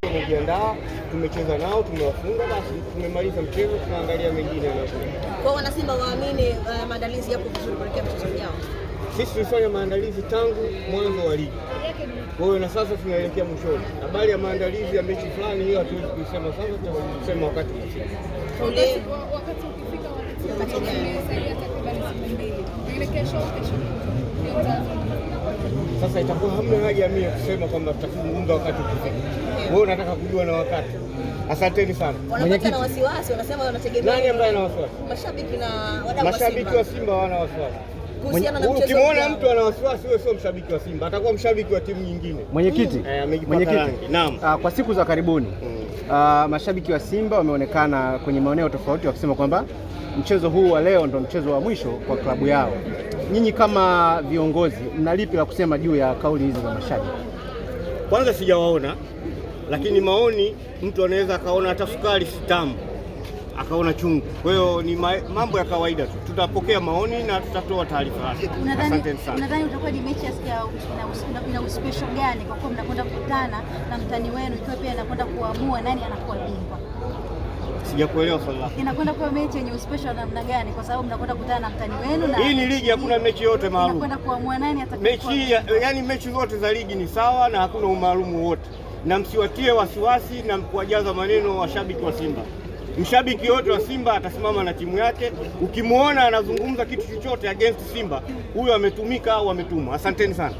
Tumejiandaa, tumecheza nao, tumewafunga, basi tumemaliza mchezo, tunaangalia mengine yanayokuja. Kwa Simba waamini, uh, maandalizi yapo vizuri kuelekea mchezo ujao. Sisi tulifanya maandalizi tangu mwanzo wa ligi, kwa hiyo na sasa tunaelekea mwishoni. Habari ya maandalizi ya mechi fulani, hiyo hatuwezi kuisema sasa, tutasema wakati wakati ukifika. Sasa itakuwa hamna haja mimi kusema kwamba tutakuzungumza wakati ukifika. Wewe unataka kujua na wakati. Asanteni sana. Mwenyekiti, na wasiwasi wanasema wanategemea. Nani ambaye ana wasiwasi? Mashabiki na wadau wa Simba. Mashabiki wa Simba wana wasiwasi. Ukimwona mtu ana wasiwasi, wewe sio mshabiki wa Simba, atakuwa mshabiki wa timu nyingine. Mwenyekiti, eh, mwenyekiti, naam, ah, kwa siku za karibuni mm. ah, mashabiki wa Simba wameonekana kwenye maeneo tofauti wakisema kwamba mchezo huu wa leo ndo mchezo wa mwisho kwa klabu yao. Nyinyi kama viongozi, mna lipi la kusema juu ya kauli hizi za mashabiki? Kwanza sijawaona, lakini maoni, mtu anaweza akaona hata sukari sitamu akaona chungu. Kwa hiyo ni ma mambo ya kawaida tu, tutapokea maoni na tutatoa taarifa Asante sana. utakuwa ni mechi ina uspecial gani, kwa kuwa mnakwenda kukutana na mtani wenu, ikiwa pia anakwenda kuamua nani anakuwa bingwa? Sijakuelewa swali lako. Inakwenda kuwa mechi yenye uspesho namna gani? Kwa sababu mnakwenda kukutana na mtani wenu na hii ni ligi, hakuna mechi yote maalum. Inakwenda kuamua nani atakayemechi mechi, yani mechi zote za ligi ni sawa na hakuna umaalumu wote, na msiwatie wasiwasi na mkuwajaza maneno washabiki wa Simba. Mshabiki yote wa Simba atasimama na timu yake. Ukimwona anazungumza kitu chochote against Simba, huyo ametumika au ametumwa. Asanteni sana.